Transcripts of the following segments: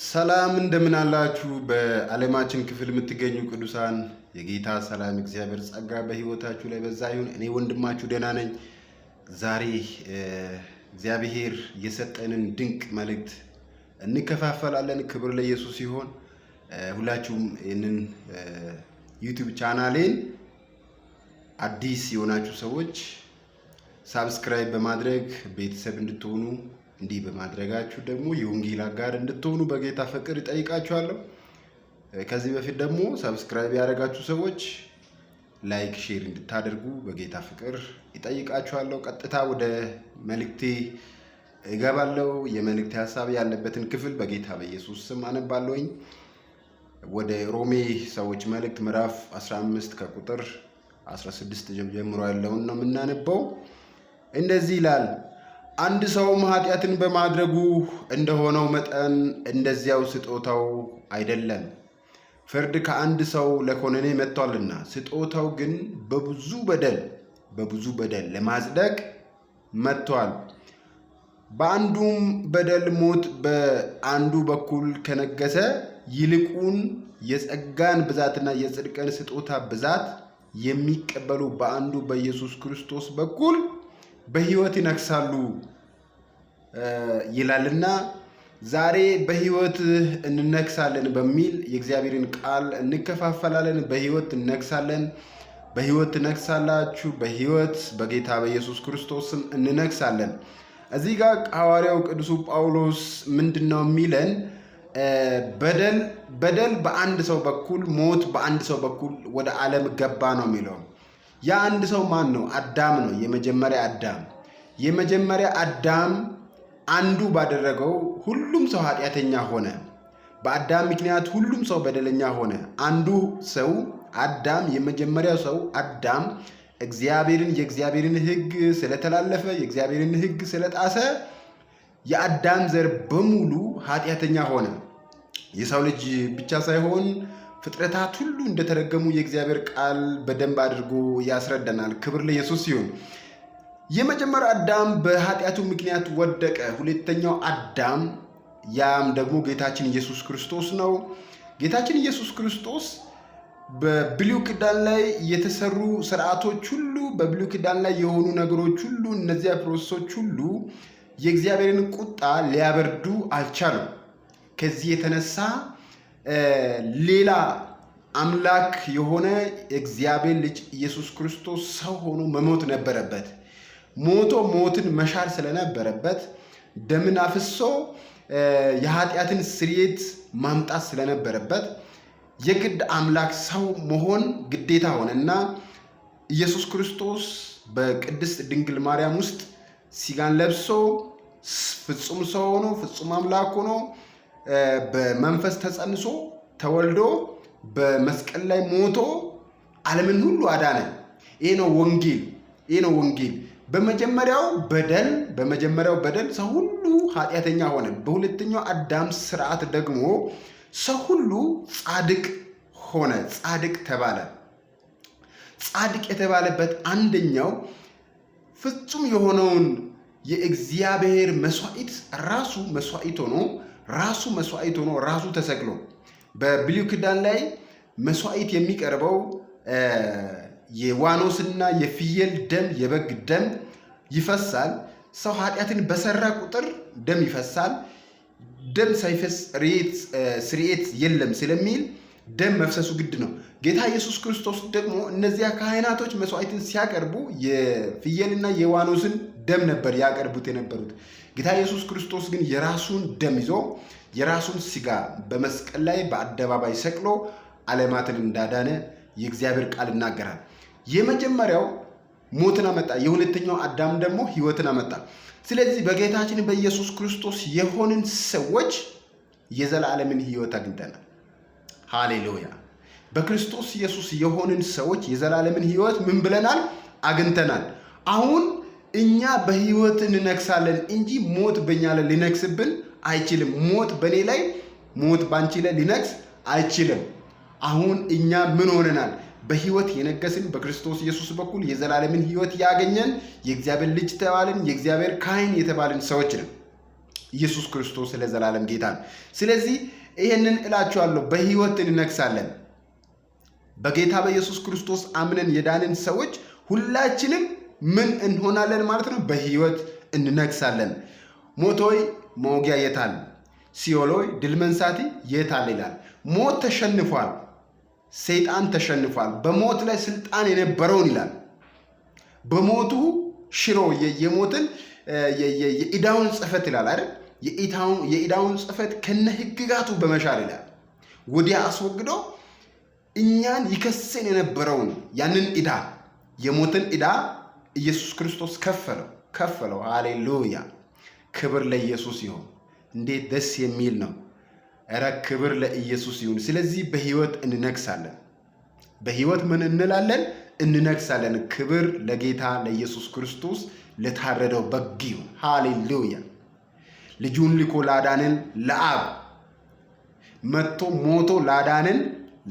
ሰላም እንደምን አላችሁ? በዓለማችን ክፍል የምትገኙ ቅዱሳን የጌታ ሰላም እግዚአብሔር ጸጋ በሕይወታችሁ ላይ በዛ ይሁን። እኔ ወንድማችሁ ደህና ነኝ። ዛሬ እግዚአብሔር የሰጠንን ድንቅ መልእክት እንከፋፈላለን። ክብር ለኢየሱስ ሲሆን ሁላችሁም ይህንን ዩቱብ ቻናሌን አዲስ የሆናችሁ ሰዎች ሳብስክራይብ በማድረግ ቤተሰብ እንድትሆኑ እንዲህ በማድረጋችሁ ደግሞ የወንጌል አጋር እንድትሆኑ በጌታ ፍቅር ይጠይቃችኋለሁ። ከዚህ በፊት ደግሞ ሰብስክራይብ ያደረጋችሁ ሰዎች ላይክ፣ ሼር እንድታደርጉ በጌታ ፍቅር ይጠይቃችኋለሁ። ቀጥታ ወደ መልእክቴ እገባለሁ። የመልእክቴ ሀሳብ ያለበትን ክፍል በጌታ በኢየሱስ ስም አነባለሁኝ። ወደ ሮሜ ሰዎች መልእክት ምዕራፍ 15 ከቁጥር 16 ጀምሮ ያለውን ነው የምናነበው። እንደዚህ ይላል አንድ ሰውም ኃጢአትን በማድረጉ እንደሆነው መጠን እንደዚያው ስጦታው አይደለም። ፍርድ ከአንድ ሰው ለኮነኔ መጥቷልና፣ ስጦታው ግን በብዙ በደል በብዙ በደል ለማጽደቅ መጥቷል። በአንዱም በደል ሞት በአንዱ በኩል ከነገሰ ይልቁን የጸጋን ብዛትና የጽድቅን ስጦታ ብዛት የሚቀበሉ በአንዱ በኢየሱስ ክርስቶስ በኩል በህይወት ይነግሳሉ ይላልና ዛሬ በህይወት እንነግሳለን በሚል የእግዚአብሔርን ቃል እንከፋፈላለን። በህይወት እንነግሳለን፣ በህይወት ትነግሳላችሁ፣ በህይወት በጌታ በኢየሱስ ክርስቶስም እንነግሳለን። እዚህ ጋር ሐዋርያው ቅዱሱ ጳውሎስ ምንድን ነው የሚለን? በደል በደል በአንድ ሰው በኩል ሞት በአንድ ሰው በኩል ወደ ዓለም ገባ ነው የሚለው የአንድ ሰው ማን ነው? አዳም ነው። የመጀመሪያ አዳም የመጀመሪያ አዳም አንዱ ባደረገው ሁሉም ሰው ኃጢአተኛ ሆነ። በአዳም ምክንያት ሁሉም ሰው በደለኛ ሆነ። አንዱ ሰው አዳም የመጀመሪያው ሰው አዳም እግዚአብሔርን የእግዚአብሔርን ሕግ ስለተላለፈ የእግዚአብሔርን ሕግ ስለጣሰ የአዳም ዘር በሙሉ ኃጢአተኛ ሆነ። የሰው ልጅ ብቻ ሳይሆን ፍጥረታት ሁሉ እንደተረገሙ የእግዚአብሔር ቃል በደንብ አድርጎ ያስረዳናል። ክብር ለኢየሱስ ይሁን። የመጀመሪያው አዳም በኃጢአቱ ምክንያት ወደቀ። ሁለተኛው አዳም ያም ደግሞ ጌታችን ኢየሱስ ክርስቶስ ነው። ጌታችን ኢየሱስ ክርስቶስ በብሉይ ኪዳን ላይ የተሰሩ ስርዓቶች ሁሉ፣ በብሉይ ኪዳን ላይ የሆኑ ነገሮች ሁሉ፣ እነዚያ ፕሮሰሶች ሁሉ የእግዚአብሔርን ቁጣ ሊያበርዱ አልቻሉም። ከዚህ የተነሳ ሌላ አምላክ የሆነ እግዚአብሔር ልጅ ኢየሱስ ክርስቶስ ሰው ሆኖ መሞት ነበረበት። ሞቶ ሞትን መሻር ስለነበረበት ደምን አፍሶ የኃጢአትን ስርየት ማምጣት ስለነበረበት የግድ አምላክ ሰው መሆን ግዴታ እና ኢየሱስ ክርስቶስ በቅድስት ድንግል ማርያም ውስጥ ሥጋን ለብሶ ፍጹም ሰው ሆኖ ፍጹም አምላክ ሆኖ በመንፈስ ተጸንሶ ተወልዶ በመስቀል ላይ ሞቶ ዓለምን ሁሉ አዳነ። ይሄ ነው ወንጌል። ይሄ ነው ወንጌል። በመጀመሪያው በደል በመጀመሪያው በደል ሰው ሁሉ ኃጢአተኛ ሆነ። በሁለተኛው አዳም ስርዓት ደግሞ ሰው ሁሉ ጻድቅ ሆነ፣ ጻድቅ ተባለ። ጻድቅ የተባለበት አንደኛው ፍጹም የሆነውን የእግዚአብሔር መስዋዕት ራሱ መስዋዕት ሆኖ ራሱ መስዋዕት ሆኖ ራሱ ተሰቅሎ በብሉይ ኪዳን ላይ መስዋዕት የሚቀርበው የዋኖስና የፍየል ደም የበግ ደም ይፈሳል። ሰው ኃጢአትን በሰራ ቁጥር ደም ይፈሳል። ደም ሳይፈስ ስርየት የለም ስለሚል ደም መፍሰሱ ግድ ነው። ጌታ ኢየሱስ ክርስቶስ ደግሞ እነዚያ ካህናቶች መስዋዕትን ሲያቀርቡ የፍየልና የዋኖስን ደም ነበር ያቀርቡት የነበሩት። ጌታ ኢየሱስ ክርስቶስ ግን የራሱን ደም ይዞ የራሱን ስጋ በመስቀል ላይ በአደባባይ ሰቅሎ ዓለማትን እንዳዳነ የእግዚአብሔር ቃል ይናገራል። የመጀመሪያው ሞትን አመጣ፣ የሁለተኛው አዳም ደግሞ ህይወትን አመጣ። ስለዚህ በጌታችን በኢየሱስ ክርስቶስ የሆንን ሰዎች የዘላለምን ህይወት አግኝተናል። ሃሌሉያ። በክርስቶስ ኢየሱስ የሆንን ሰዎች የዘላለምን ህይወት ምን ብለናል? አግኝተናል። አሁን እኛ በህይወት እንነግሳለን እንጂ ሞት በእኛ ላይ ሊነግስብን አይችልም። ሞት በእኔ ላይ ሞት ባንቺ ላይ ሊነግስ አይችልም። አሁን እኛ ምን ሆነናል? በህይወት የነገስን በክርስቶስ ኢየሱስ በኩል የዘላለምን ህይወት ያገኘን የእግዚአብሔር ልጅ ተባልን፣ የእግዚአብሔር ካህን የተባልን ሰዎች ነው። ኢየሱስ ክርስቶስ ለዘላለም ጌታ ነው። ስለዚህ ይህንን እላችኋለሁ በህይወት እንነግሳለን። በጌታ በኢየሱስ ክርስቶስ አምነን የዳንን ሰዎች ሁላችንም ምን እንሆናለን ማለት ነው? በህይወት እንነግሳለን። ሞቶይ ሆይ መውጊያ የት ድል መንሳቲ የታል? ይላል። ሞት ተሸንፏል። ሰይጣን ተሸንፏል። በሞት ላይ ስልጣን የነበረውን ይላል በሞቱ ሽሮ የሞትን የኢዳውን ጽህፈት ይላል አይደል? የኢዳውን ጽህፈት ከነ ህግጋቱ በመሻር ይላል ወዲያ አስወግዶ እኛን ይከሰን የነበረውን ያንን ዕዳ የሞትን ዕዳ ኢየሱስ ክርስቶስ ከፈለው ከፈለው። ሃሌሉያ! ክብር ለኢየሱስ ይሁን። እንዴት ደስ የሚል ነው! እረ ክብር ለኢየሱስ ይሁን። ስለዚህ በህይወት እንነግሳለን። በህይወት ምን እንላለን? እንነግሳለን። ክብር ለጌታ ለኢየሱስ ክርስቶስ ለታረደው በግ ይሁን። ሃሌሉያ። ልጁን ልኮ ላዳንን ለአብ መጥቶ ሞቶ ላዳንን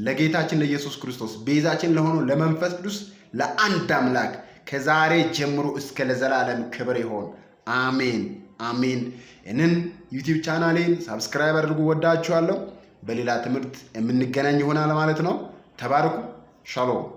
ለጌታችን ለኢየሱስ ክርስቶስ ቤዛችን ለሆነው ለመንፈስ ቅዱስ ለአንድ አምላክ ከዛሬ ጀምሮ እስከ ለዘላለም ክብር ይሆን። አሜን አሜን። እንን ዩቲዩብ ቻናሌን ሳብስክራይብ አድርጉ። ወዳችኋለሁ። በሌላ ትምህርት የምንገናኝ ይሆናል ማለት ነው። ተባርኩ ሻሎም